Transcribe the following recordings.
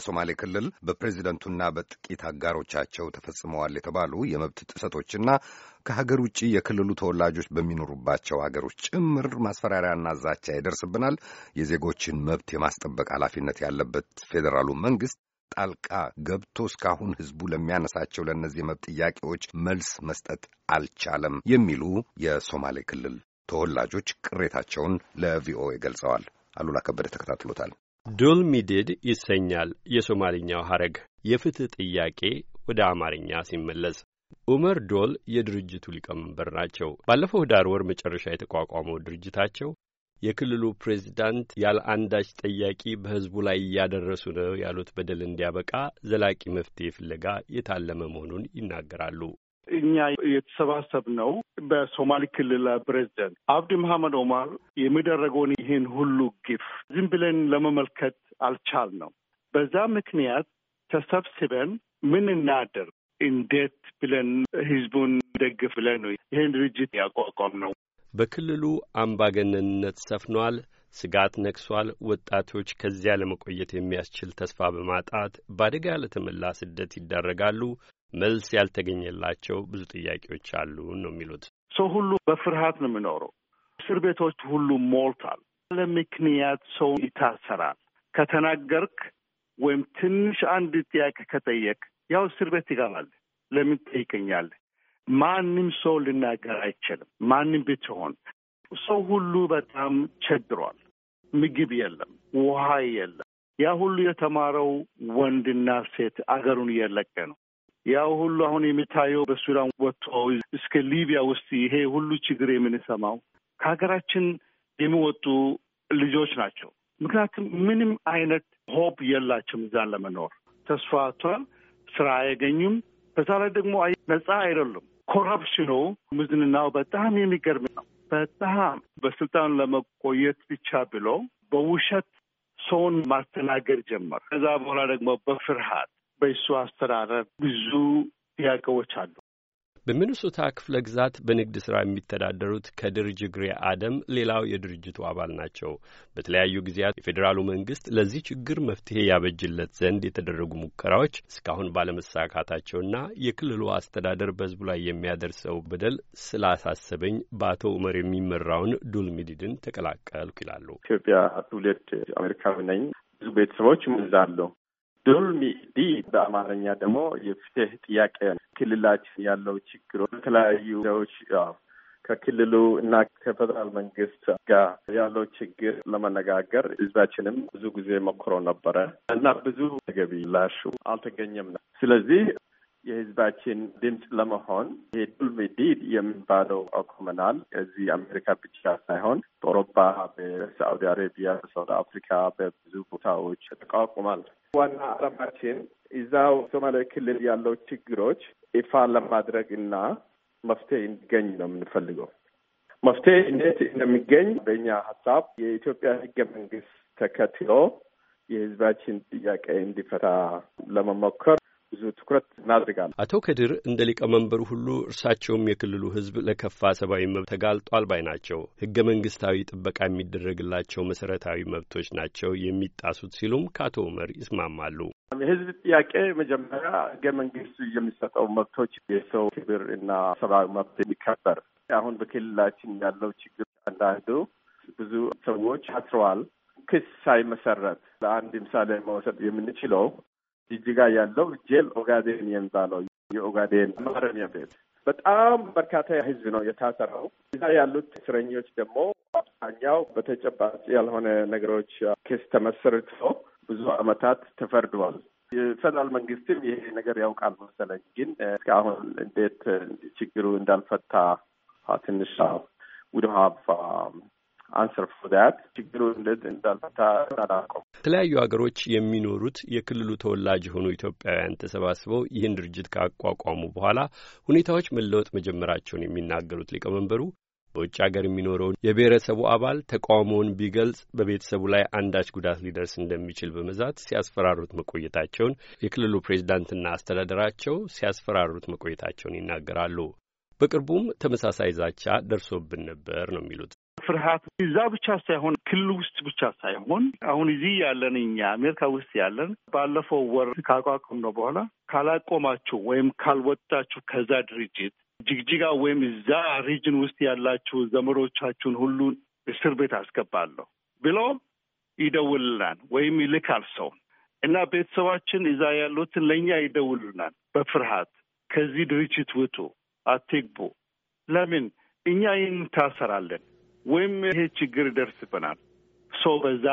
በሶማሌ ክልል በፕሬዚደንቱና በጥቂት አጋሮቻቸው ተፈጽመዋል የተባሉ የመብት ጥሰቶችና ከሀገር ውጭ የክልሉ ተወላጆች በሚኖሩባቸው ሀገሮች ጭምር ማስፈራሪያና ዛቻ ይደርስብናል፣ የዜጎችን መብት የማስጠበቅ ኃላፊነት ያለበት ፌዴራሉ መንግስት ጣልቃ ገብቶ እስካሁን ህዝቡ ለሚያነሳቸው ለእነዚህ መብት ጥያቄዎች መልስ መስጠት አልቻለም የሚሉ የሶማሌ ክልል ተወላጆች ቅሬታቸውን ለቪኦኤ ገልጸዋል። አሉላ ከበደ ተከታትሎታል። ዱል ሚድድ ይሰኛል የሶማልኛው ሐረግ የፍትህ ጥያቄ ወደ አማርኛ ሲመለስ። ኡመር ዶል የድርጅቱ ሊቀመንበር ናቸው። ባለፈው ዳር ወር መጨረሻ የተቋቋመው ድርጅታቸው የክልሉ ፕሬዚዳንት ያለ አንዳች ጠያቂ በሕዝቡ ላይ እያደረሱ ነው ያሉት በደል እንዲያበቃ ዘላቂ መፍትሄ ፍለጋ የታለመ መሆኑን ይናገራሉ። እኛ የተሰባሰብ ነው በሶማሊ ክልል ፕሬዚደንት አብዲ መሐመድ ኦማር የሚደረገውን ይህን ሁሉ ግፍ ዝም ብለን ለመመልከት አልቻልነው። በዛ ምክንያት ተሰብስበን ምን እናደርግ፣ እንዴት ብለን ህዝቡን ደግፍ ብለን ነው ይህን ድርጅት ያቋቋም ነው። በክልሉ አምባገነንነት ሰፍኗል። ስጋት ነግሷል። ወጣቶች ከዚያ ለመቆየት የሚያስችል ተስፋ በማጣት በአደጋ ለተመላ ስደት ይዳረጋሉ። መልስ ያልተገኘላቸው ብዙ ጥያቄዎች አሉ ነው የሚሉት። ሰው ሁሉ በፍርሃት ነው የሚኖረው። እስር ቤቶች ሁሉ ሞልቷል። ለምክንያት ሰው ይታሰራል። ከተናገርክ ወይም ትንሽ አንድ ጥያቄ ከጠየቅ ያው እስር ቤት ይገባል። ለምን ጠይቀኛለህ? ማንም ሰው ልናገር አይችልም። ማንም ብትሆን ሰው ሁሉ በጣም ቸግሯል። ምግብ የለም፣ ውሃ የለም። ያ ሁሉ የተማረው ወንድና ሴት አገሩን እየለቀ ነው። ያው ሁሉ አሁን የሚታየው በሱዳን ወጥቶ እስከ ሊቢያ ውስጥ ይሄ ሁሉ ችግር የምንሰማው ከሀገራችን የሚወጡ ልጆች ናቸው። ምክንያቱም ምንም አይነት ሆፕ የላቸውም እዛን ለመኖር ተስፋ አጥተዋል። ስራ አያገኙም። በዛ ላይ ደግሞ ነጻ አይደሉም። ኮረፕሽኑ ምዝንናው በጣም የሚገርም ነው። በጣም በስልጣን ለመቆየት ብቻ ብሎ በውሸት ሰውን ማስተናገድ ጀመር። ከዛ በኋላ ደግሞ በፍርሃት በእሱ አስተዳደር ብዙ ጥያቄዎች አሉ። በሚኒሶታ ክፍለ ግዛት በንግድ ሥራ የሚተዳደሩት ከድር ጅግሬ አደም ሌላው የድርጅቱ አባል ናቸው። በተለያዩ ጊዜያት የፌዴራሉ መንግስት ለዚህ ችግር መፍትሄ ያበጅለት ዘንድ የተደረጉ ሙከራዎች እስካሁን ባለመሳካታቸውና የክልሉ አስተዳደር በሕዝቡ ላይ የሚያደርሰው በደል ስላሳሰበኝ በአቶ ዑመር የሚመራውን ዱል ሚዲድን ተቀላቀልኩ ይላሉ። ኢትዮጵያ ትውልድ አሜሪካዊ ነኝ። ብዙ ቤተሰቦች ምዛለሁ ዶልሚ ዲ በአማርኛ ደግሞ የፍትህ ጥያቄ ክልላችን ያለው ችግሮ በተለያዩ ዎች ከክልሉ እና ከፌደራል መንግስት ጋር ያለው ችግር ለመነጋገር ህዝባችንም ብዙ ጊዜ ሞክሮ ነበረ እና ብዙ ተገቢ ላሹ አልተገኘም ነው። ስለዚህ የህዝባችን ድምፅ ለመሆን ይሄ ዱልሜ ዲድ የሚባለው አቁመናል። እዚህ አሜሪካ ብቻ ሳይሆን በአውሮፓ፣ በሳዑዲ አረቢያ፣ በሳውት አፍሪካ በብዙ ቦታዎች ተቋቁማል። ዋና ዓላማችን እዛው ሶማሌ ክልል ያለው ችግሮች ይፋ ለማድረግ እና መፍትሄ እንዲገኝ ነው የምንፈልገው። መፍትሄ እንዴት እንደሚገኝ በእኛ ሀሳብ የኢትዮጵያ ህገ መንግስት ተከትሎ የህዝባችን ጥያቄ እንዲፈታ ለመሞከር ብዙ ትኩረት እናድርጋለን። አቶ ከድር እንደ ሊቀመንበሩ ሁሉ እርሳቸውም የክልሉ ሕዝብ ለከፋ ሰብአዊ መብት ተጋልጧል ባይ ናቸው። ህገ መንግስታዊ ጥበቃ የሚደረግላቸው መሰረታዊ መብቶች ናቸው የሚጣሱት ሲሉም ከአቶ ኡመር ይስማማሉ። የህዝብ ጥያቄ መጀመሪያ ህገ መንግስቱ የሚሰጠው መብቶች የሰው ክብር እና ሰብአዊ መብት የሚከበር አሁን በክልላችን ያለው ችግር አንዳንዱ ብዙ ሰዎች አስረዋል ክስ ሳይመሰረት ለአንድ ምሳሌ መውሰድ የምንችለው ጅጅጋ ያለው ጄል ኦጋዴን የሚባለው የኦጋዴን ማረሚያ ቤት በጣም በርካታ ህዝብ ነው የታሰረው። እዛ ያሉት እስረኞች ደግሞ አብዛኛው በተጨባጭ ያልሆነ ነገሮች ክስ ተመሰርቶ ብዙ አመታት ተፈርደዋል። የፌደራል መንግስትም ይሄ ነገር ያውቃል መሰለኝ፣ ግን እስካሁን እንዴት ችግሩ እንዳልፈታ ትንሽ ውድሀብ አንሰር ፎር ዳት ችግሩ እንዳልፈታ አላውቀውም። የተለያዩ ሀገሮች የሚኖሩት የክልሉ ተወላጅ የሆኑ ኢትዮጵያውያን ተሰባስበው ይህን ድርጅት ካቋቋሙ በኋላ ሁኔታዎች መለወጥ መጀመራቸውን የሚናገሩት ሊቀመንበሩ በውጭ ሀገር የሚኖረውን የብሔረሰቡ አባል ተቃውሞውን ቢገልጽ በቤተሰቡ ላይ አንዳች ጉዳት ሊደርስ እንደሚችል በመዛት ሲያስፈራሩት መቆየታቸውን የክልሉ ፕሬዚዳንትና አስተዳደራቸው ሲያስፈራሩት መቆየታቸውን ይናገራሉ። በቅርቡም ተመሳሳይ ዛቻ ደርሶብን ነበር ነው የሚሉት። ፍርሃት እዛ ብቻ ሳይሆን ክልል ውስጥ ብቻ ሳይሆን አሁን እዚህ ያለን እኛ አሜሪካ ውስጥ ያለን ባለፈው ወር ካቋቋም ነው በኋላ ካላቆማችሁ ወይም ካልወጣችሁ ከዛ ድርጅት ጅግጅጋ ወይም እዛ ሪጅን ውስጥ ያላችሁ ዘመዶቻችሁን ሁሉ እስር ቤት አስገባለሁ ብሎ ይደውልናል ወይም ይልካል ሰው እና ቤተሰባችን እዛ ያሉትን ለእኛ ይደውሉናል በፍርሃት ከዚህ ድርጅት ውጡ፣ አትግቡ። ለምን እኛ ይህን ታሰራለን? ወይም ይሄ ችግር ይደርስብናል ሰው በዛ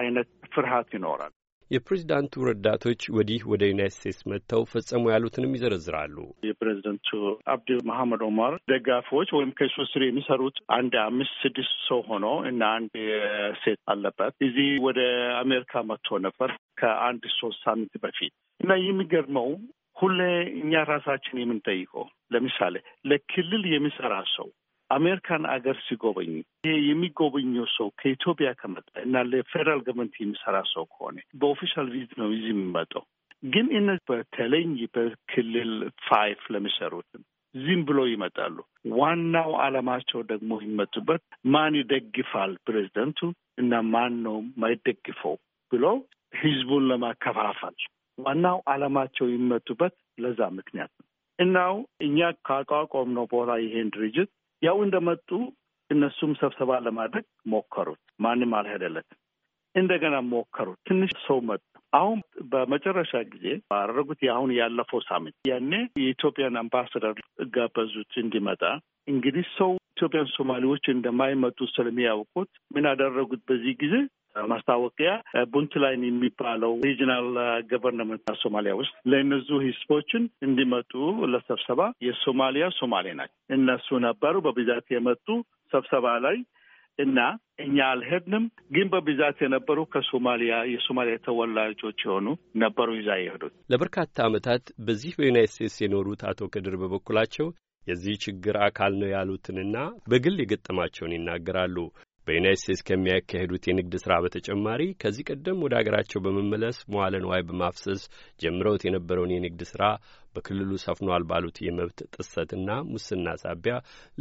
አይነት ፍርሃት ይኖራል። የፕሬዚዳንቱ ረዳቶች ወዲህ ወደ ዩናይት ስቴትስ መጥተው ፈጸሙ ያሉትንም ይዘረዝራሉ። የፕሬዚደንቱ አብዲ መሐመድ ኦማር ደጋፊዎች ወይም ከሱ ስር የሚሰሩት አንድ አምስት ስድስት ሰው ሆኖ እና አንድ ሴት አለበት እዚህ ወደ አሜሪካ መጥቶ ነበር ከአንድ ሶስት ሳምንት በፊት እና የሚገርመው ሁሌ እኛ ራሳችን የምንጠይቀው ለምሳሌ ለክልል የሚሰራ ሰው አሜሪካን አገር ሲጎበኝ ይሄ የሚጎበኘው ሰው ከኢትዮጵያ ከመጣ እና ለፌደራል ገቨርንመንት የሚሰራ ሰው ከሆነ በኦፊሻል ቪዚት ነው ይዚህ የሚመጣው። ግን እነ በተለይ በክልል ፋይፍ ለሚሰሩትም ዝም ብሎ ይመጣሉ። ዋናው አለማቸው ደግሞ ይመጡበት ማን ይደግፋል ፕሬዚደንቱ እና ማን ነው ማይደግፈው ብሎ ህዝቡን ለማከፋፈል ዋናው አለማቸው ይመጡበት ለዛ ምክንያት ነው። እናው እኛ ካቋቋም ነው በኋላ ይሄን ድርጅት ያው እንደመጡ እነሱም ሰብሰባ ለማድረግ ሞከሩት። ማንም አልሄደለት። እንደገና ሞከሩት። ትንሽ ሰው መጡ። አሁን በመጨረሻ ጊዜ ባደረጉት የአሁን ያለፈው ሳምንት ያኔ የኢትዮጵያን አምባሳደር ጋበዙት እንዲመጣ። እንግዲህ ሰው ኢትዮጵያን ሶማሌዎች እንደማይመጡ ስለሚያውቁት ምን አደረጉት በዚህ ጊዜ ማስታወቂያ ቡንት ላይን የሚባለው ሪጂናል ገቨርንመንት ሶማሊያ ውስጥ ለእነዙ ህዝቦችን እንዲመጡ ለሰብሰባ የሶማሊያ ሶማሌ ናቸው እነሱ ነበሩ በብዛት የመጡ ስብሰባ ላይ እና እኛ አልሄድንም፣ ግን በብዛት የነበሩ ከሶማሊያ የሶማሊያ ተወላጆች የሆኑ ነበሩ ይዛ የሄዱት። ለበርካታ ዓመታት በዚህ በዩናይት ስቴትስ የኖሩት አቶ ክድር በበኩላቸው የዚህ ችግር አካል ነው ያሉትንና በግል የገጠማቸውን ይናገራሉ። በዩናይት ስቴትስ ከሚያካሄዱት የንግድ ሥራ በተጨማሪ ከዚህ ቀደም ወደ አገራቸው በመመለስ መዋለ ንዋይ በማፍሰስ ጀምረውት የነበረውን የንግድ ሥራ በክልሉ ሰፍኗል ባሉት የመብት ጥሰትና ሙስና ሳቢያ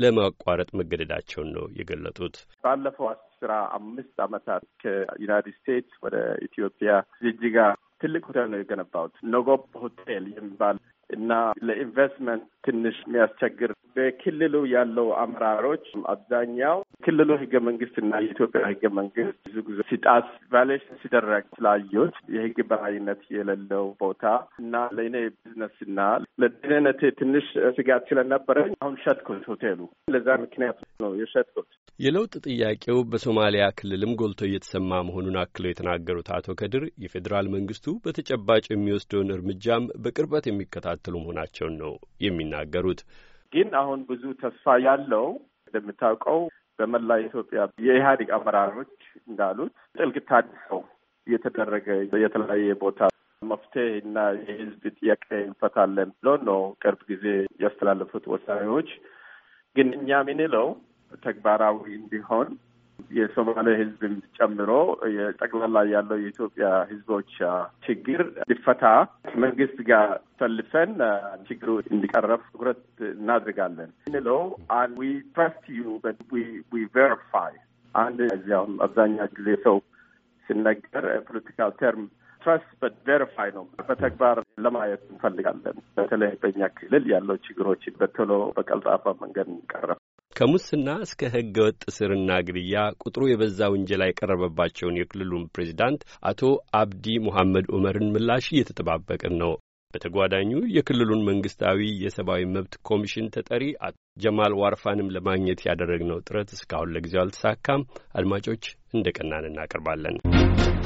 ለማቋረጥ መገደዳቸውን ነው የገለጡት። ባለፈው አስራ አምስት ዓመታት ከዩናይትድ ስቴትስ ወደ ኢትዮጵያ ጅጅጋ ትልቅ ሆቴል ነው የገነባሁት። ነጎብ ሆቴል የሚባል እና ለኢንቨስትመንት ትንሽ የሚያስቸግር በክልሉ ያለው አመራሮች አብዛኛው ክልሉ ህገ መንግስት እና የኢትዮጵያ ህገ መንግስት ብዙ ጊዜ ሲጣስ ቫሌሽን ሲደረግ ስላዩት የህግ በላይነት የሌለው ቦታ እና ለእኔ ቢዝነስ እና ለደህንነቴ ትንሽ ስጋት ስለነበረኝ አሁን ሸጥኩት ሆቴሉ። ለዛ ምክንያት ነው የሸጥኩት። የለውጥ ጥያቄው በሶማሊያ ክልልም ጎልቶ እየተሰማ መሆኑን አክለው የተናገሩት አቶ ከድር የፌዴራል መንግስቱ በተጨባጭ የሚወስደውን እርምጃም በቅርበት የሚከታተል የሚያስከትሉ መሆናቸውን ነው የሚናገሩት። ግን አሁን ብዙ ተስፋ ያለው እንደምታውቀው በመላ ኢትዮጵያ የኢህአዴግ አመራሮች እንዳሉት ጥልቅ ታድሰው እየተደረገ የተለያየ ቦታ መፍትሄ እና የህዝብ ጥያቄ እንፈታለን ብሎ ነው ቅርብ ጊዜ ያስተላለፉት ውሳኔዎች። ግን እኛ የምንለው ተግባራዊ እንዲሆን የሶማሌ ህዝብን ጨምሮ ጠቅላላ ያለው የኢትዮጵያ ህዝቦች ችግር እንዲፈታ መንግስት ጋር ሰልፈን ችግሩ እንዲቀረፍ ትኩረት እናድርጋለን እንለው ዊ ትረስት ዩ ዊ ቬሪፋይ አንድ እዚያውም አብዛኛው ጊዜ ሰው ሲነገር ፖለቲካል ተርም ትረስት በት ቬሪፋይ ነው። በተግባር ለማየት እንፈልጋለን። በተለይ በኛ ክልል ያለው ችግሮች በቶሎ በቀልጣፋ መንገድ እንቀረፍ ከሙስና እስከ ሕገ ወጥ እስርና ግድያ ቁጥሩ የበዛ ውንጀላ የቀረበባቸውን የክልሉን ፕሬዚዳንት አቶ አብዲ ሙሐመድ ዑመርን ምላሽ እየተጠባበቅን ነው። በተጓዳኙ የክልሉን መንግስታዊ የሰብአዊ መብት ኮሚሽን ተጠሪ አቶ ጀማል ዋርፋንም ለማግኘት ያደረግነው ጥረት እስካሁን ለጊዜው አልተሳካም። አድማጮች እንደ ቀናን እናቀርባለን።